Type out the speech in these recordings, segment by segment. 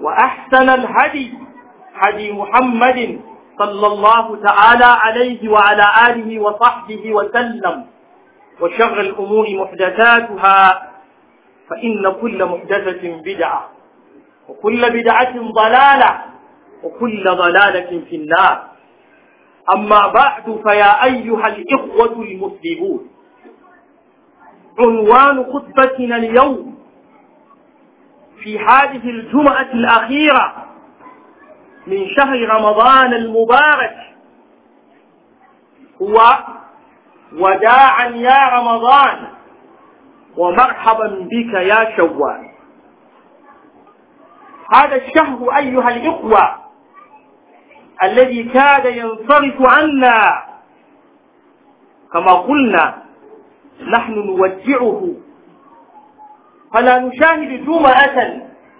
وأحسن الهدي هدي محمد صلى الله تعالى عليه وعلى آله وصحبه وسلم وشر الأمور محدثاتها فإن كل محدثة بدعة وكل بدعة ضلالة وكل ضلالة في النار أما بعد فيا أيها الإخوة المسلمون عنوان خطبتنا اليوم في هذه الجمعة الأخيرة من شهر رمضان المبارك هو وداعا يا رمضان ومرحبا بك يا شوال هذا الشهر أيها الإخوة الذي كاد ينصرف عنا كما قلنا نحن نودعه فلا نشاهد جمعة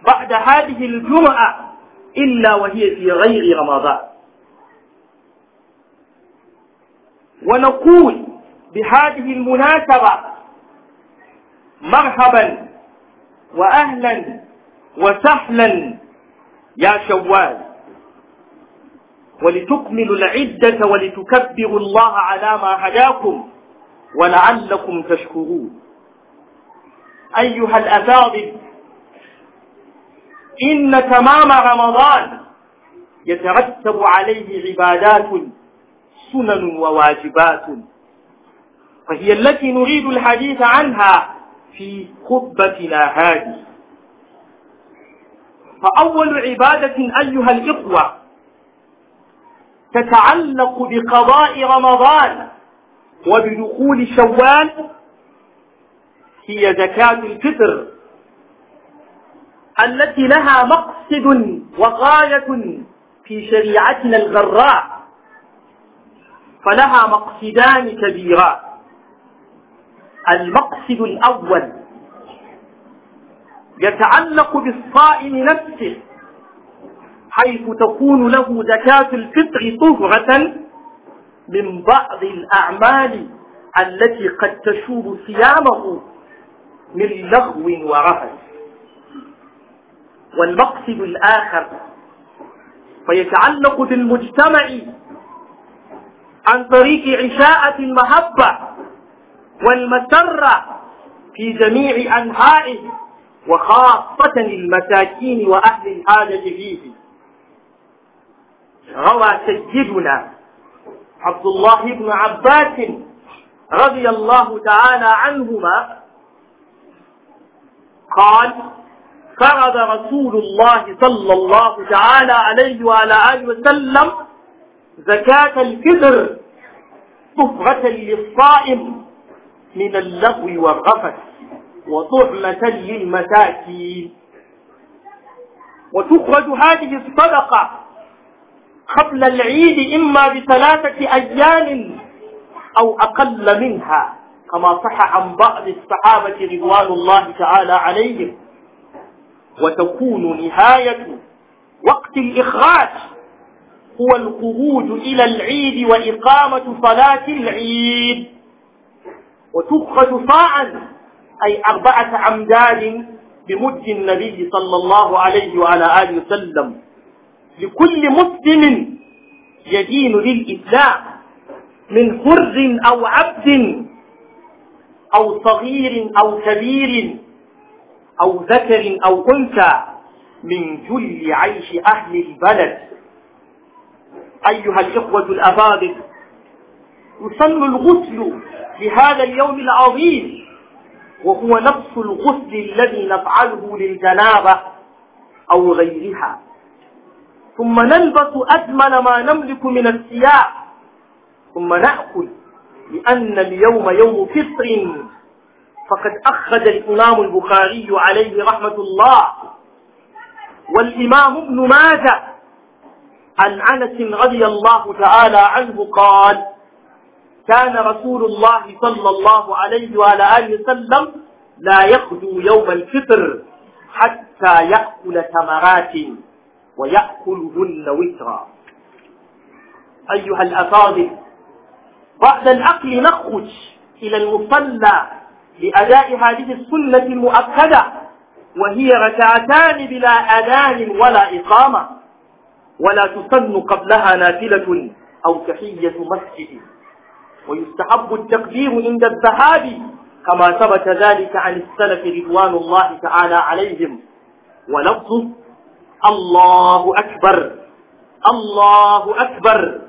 بعد هذه الجمعة إلا وهي في غير رمضان ونقول بهذه المناسبة مرحبا وأهلا وسهلا يا شوال ولتكملوا العدة ولتكبروا الله على ما هداكم ولعلكم تشكرون أيها الأفاضل إن تمام رمضان يترتب عليه عبادات سنن وواجبات فهي التي نريد الحديث عنها في خطبتنا هذه فأول عبادة أيها الإخوة تتعلق بقضاء رمضان وبدخول شوال هي زكاة الفطر التي لها مقصد وغاية في شريعتنا الغراء فلها مقصدان كبيران المقصد الأول يتعلق بالصائم نفسه حيث تكون له زكاة الفطر طهرة من بعض الأعمال التي قد تشوب صيامه من لغو وعفث والمقصد الآخر فيتعلق بالمجتمع عن طريق عشاءة المحبة والمسرة في جميع أنحائه وخاصة المساكين وأهل الحاجة فيه روى سيدنا عبد الله بن عباس رضي الله تعالى عنهما قال فرض رسول الله صلى الله تعالى عليه وعلى آله وسلم زكاة الفطر صفرة للصائم من اللغو والرفث وطعمة للمساكين وتخرج هذه الصدقة قبل العيد إما بثلاثة أيام أو أقل منها كما صح عن بعض الصحابة رضوان الله تعالى عليهم وتكون نهاية وقت الإخراج هو الخروج إلى العيد وإقامة صلاة العيد وتخرج صاعا أي أربعة عمدان بمد النبي صلى الله عليه وعلى آله وسلم لكل مسلم يدين للإسلام من حر أو عبد أو صغير أو كبير أو ذكر أو أنثى من جل عيش أهل البلد أيها الإخوة الأباضل يصل الغسل لهذا اليوم العظيم وهو نفس الغسل الذي نفعله للجنابة أو غيرها ثم نلبس أجمل ما نملك من الثياب ثم نأكل لأن اليوم يوم فطر فقد أخذ الإمام البخاري عليه رحمة الله والإمام ابن ماجه عن أنس رضي الله تعالى عنه قال كان رسول الله صلى الله عليه وعلى آله وسلم لا يخدو يوم الفطر حتى يأكل ثمرات ويأكلهن وترا أيها الأفاضل بعد العقل نخرج إلى المصلى لأداء هذه السنة المؤكدة وهي ركعتان بلا أذان ولا إقامة ولا تسن قبلها نافلة أو تحية مسجد ويستحب التكبير عند الذهاب كما ثبت ذلك عن السلف رضوان الله تعالى عليهم ولفظه الله أكبر الله أكبر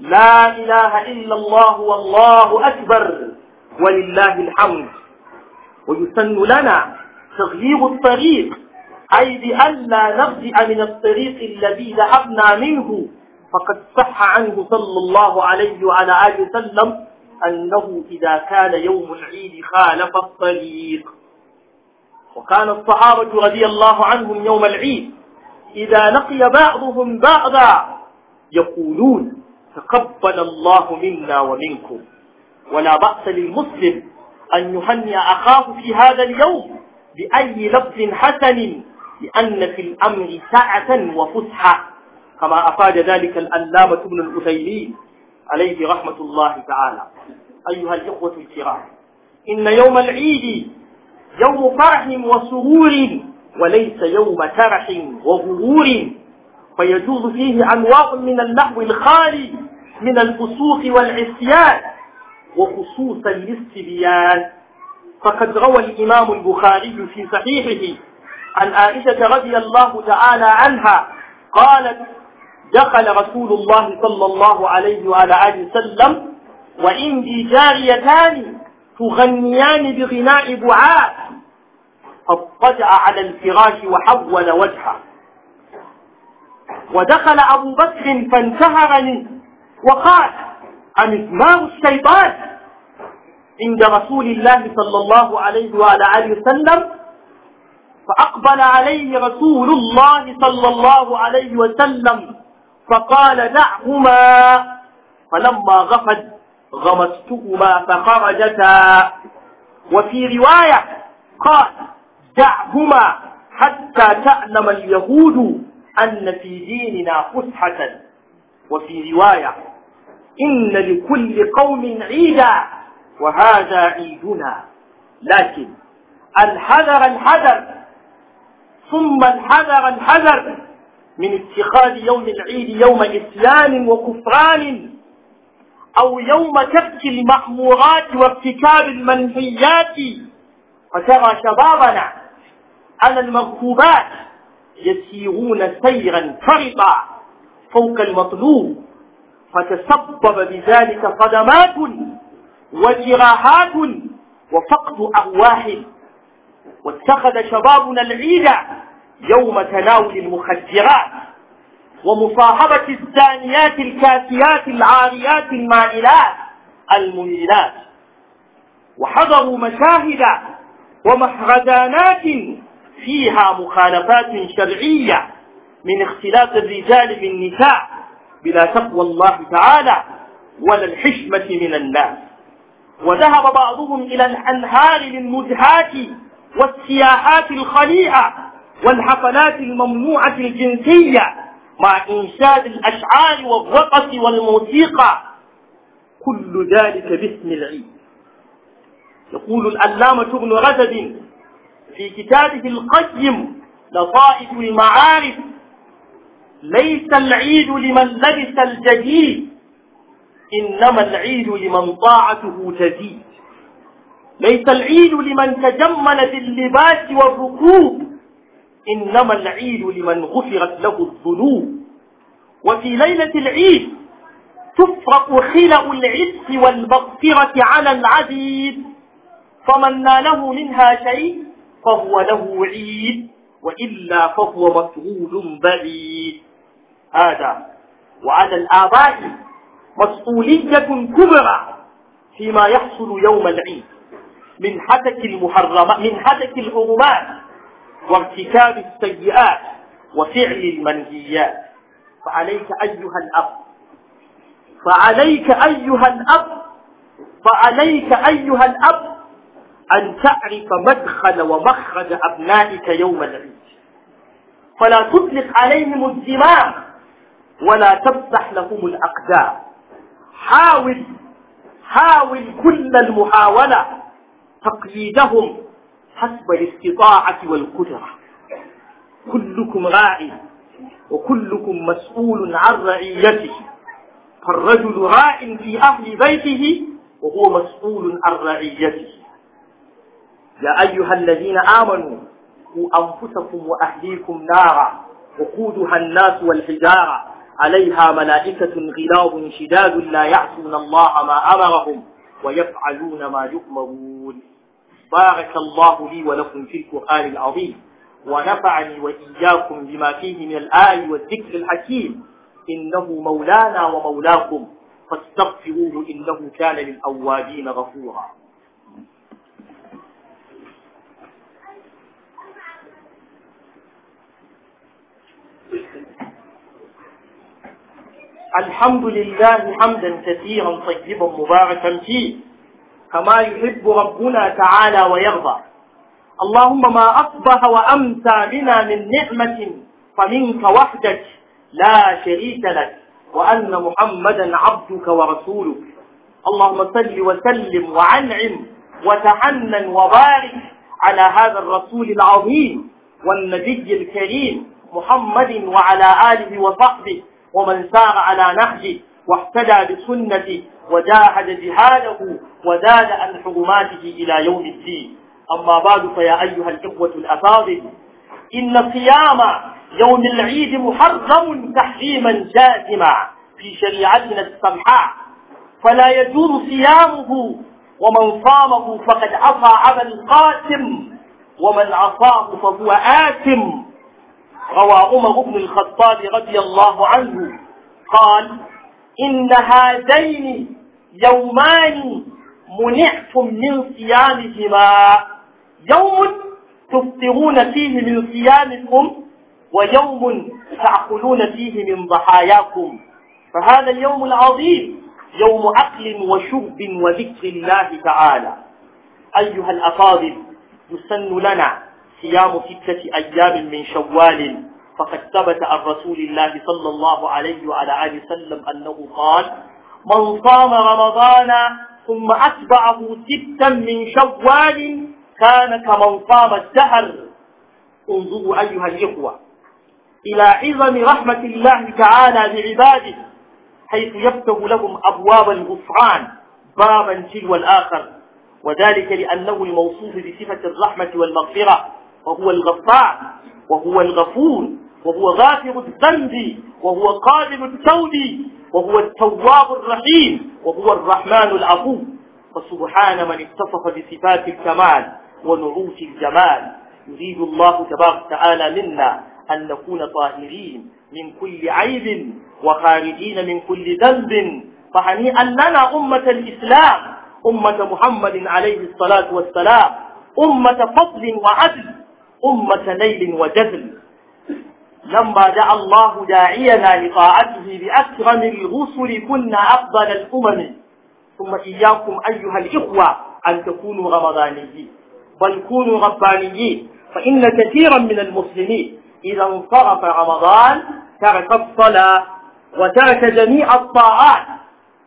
لا إله إلا الله والله أكبر ولله الحمد ويسن لنا تغيير الطريق أي بأن لا نبدأ من الطريق الذي ذهبنا منه فقد صح عنه صلى الله عليه وعلى آله وسلم أنه إذا كان يوم العيد خالف الطريق وكان الصحابة رضي الله عنهم يوم العيد إذا لقي بعضهم بعضا يقولون تقبل الله منا ومنكم ولا بأس للمسلم أن يهنئ أخاه في هذا اليوم بأي لفظ حسن لأن في الأمر سعة وفسحة كما أفاد ذلك الألامة ابن الأثيمين عليه رحمة الله تعالى أيها الإخوة الكرام إن يوم العيد يوم فرح وسرور وليس يوم ترح وغرور فيجوز فيه أنواع من اللهو الخالي من الفسوق والعصيان وخصوصا للصبيان فقد روى الإمام البخاري في صحيحه عن عائشة رضي الله تعالى عنها قالت دخل رسول الله صلى الله عليه وعلى آله وسلم وعندي جاريتان تغنيان بغناء دعاء فاضطجع على الفراش وحول وجهه ودخل أبو بكر فانتهرني وقال عن إتمام الشيطان عند رسول الله صلى الله عليه وعلى آله وسلم فأقبل عليه رسول الله صلى الله عليه وسلم فقال دعهما فلما غفد غمستهما فخرجتا وفي رواية قال دعهما حتى تعلم اليهود أن في ديننا فسحة وفي رواية إن لكل قوم عيدا وهذا عيدنا لكن الحذر الحذر ثم الحذر الحذر من اتخاذ يوم العيد يوم إسلام وكفران أو يوم تبكي المأمورات وارتكاب المنهيات فترى شبابنا على المركوبات يسيرون سيرا فرطا فوق المطلوب فتسبب بذلك صدمات وجراحات وفقد أرواح واتخذ شبابنا العيد يوم تناول المخدرات ومصاحبة الزانيات الكاسيات العاريات المائلات المميلات وحضروا مشاهد ومحرزانات فيها مخالفات شرعية من اختلاف الرجال بالنساء بلا تقوى الله تعالى ولا الحشمة من الناس وذهب بعضهم إلى الأنهار للنزهات والسياحات الخليعة والحفلات الممنوعة الجنسية مع إنشاد الأشعار والرقص والموسيقى كل ذلك باسم العيد يقول الألامة ابن رجب في كتابه القيم لطائف المعارف ليس العيد لمن لبس الجديد إنما العيد لمن طاعته تزيد ليس العيد لمن تجمل باللباس والركوب إنما العيد لمن غفرت له الذنوب وفي ليلة العيد تفرق خلأ العز والمغفرة على العبيد فمن ناله منها شيء فهو له عيد وإلا فهو مفعول بعيد هذا وعلى الآباء مسؤولية كبرى فيما يحصل يوم العيد من حدك المحرمات من حدك الحرمات وارتكاب السيئات وفعل المنهيات فعليك أيها الأب فعليك أيها الأب فعليك أيها الأب أن تعرف مدخل ومخرج أبنائك يوم العيد فلا تطلق عليهم الزمام ولا تفتح لهم الأقدام حاول حاول كل المحاولة تقييدهم حسب الاستطاعة والقدرة كلكم راعي وكلكم مسؤول عن رعيته فالرجل راع في أهل بيته وهو مسؤول عن رعيته يا أيها الذين آمنوا قوا أنفسكم وأهليكم نارا وقودها الناس والحجارة عليها ملائكة غلاظ شداد لا يعصون الله ما أمرهم ويفعلون ما يؤمرون بارك الله لي ولكم في القرآن العظيم ونفعني وإياكم بما فيه من الآي والذكر الحكيم إنه مولانا ومولاكم فاستغفروه إنه كان للأوابين غفورا الحمد لله حمدا كثيرا طيبا مباركا فيه كما يحب ربنا تعالى ويرضى اللهم ما أصبح وأمسى بنا من نعمة فمنك وحدك لا شريك لك وأن محمدا عبدك ورسولك اللهم صل وسلم وعنعم وتحنن وبارك على هذا الرسول العظيم والنبي الكريم محمد وعلى آله وصحبه ومن سار على نهجه واحتدى بسنته وجاهد جهاده وزاد عن حرماته إلى يوم الدين أما بعد فيا أيها الإخوة الأفاضل إن صيام يوم العيد محرم تحريما جازما في شريعتنا السمحاء فلا يجوز صيامه ومن صامه فقد عصى عمل القاتم ومن عصاه فهو آثم روى عمر بن الخطاب رضي الله عنه قال إن هذين يومان منعت من صيامهما يوم تفطرون فيه من صيامكم ويوم تأكلون فيه من ضحاياكم فهذا اليوم العظيم يوم عقل وشرب وذكر الله تعالى أيها الأفاضل يسن لنا صيام ستة أيام من شوال فقد ثبت عن رسول الله صلى الله عليه وعلى آله وسلم أنه قال من صام رمضان ثم أتبعه ستا من شوال كان كمن صام الدهر انظروا أيها الإخوة إلى عظم رحمة الله تعالى بعباده حيث يفتح لهم أبواب الغفران بابا تلو الآخر وذلك لأنه الموصوف بصفة الرحمة والمغفرة وهو الغفار وهو الغفور وهو غافر الذنب وهو قادم التوب وهو التواب الرحيم وهو الرحمن العفو فسبحان من اتصف بصفات الكمال ونعوت الجمال يريد الله تبارك وتعالى منا أن نكون طاهرين من كل عيب وخارجين من كل ذنب فهنيئا لنا أمة الإسلام أمة محمد عليه الصلاة والسلام أمة فضل وعدل أمة نيل وجذل لما دعا الله داعينا لطاعته بأكرم الرسل كنا أفضل الأمم ثم إياكم أيها الإخوة أن تكونوا رمضانيين بل كونوا ربانيين فإن كثيرا من المسلمين إذا انصرف رمضان ترك الصلاة وترك جميع الطاعات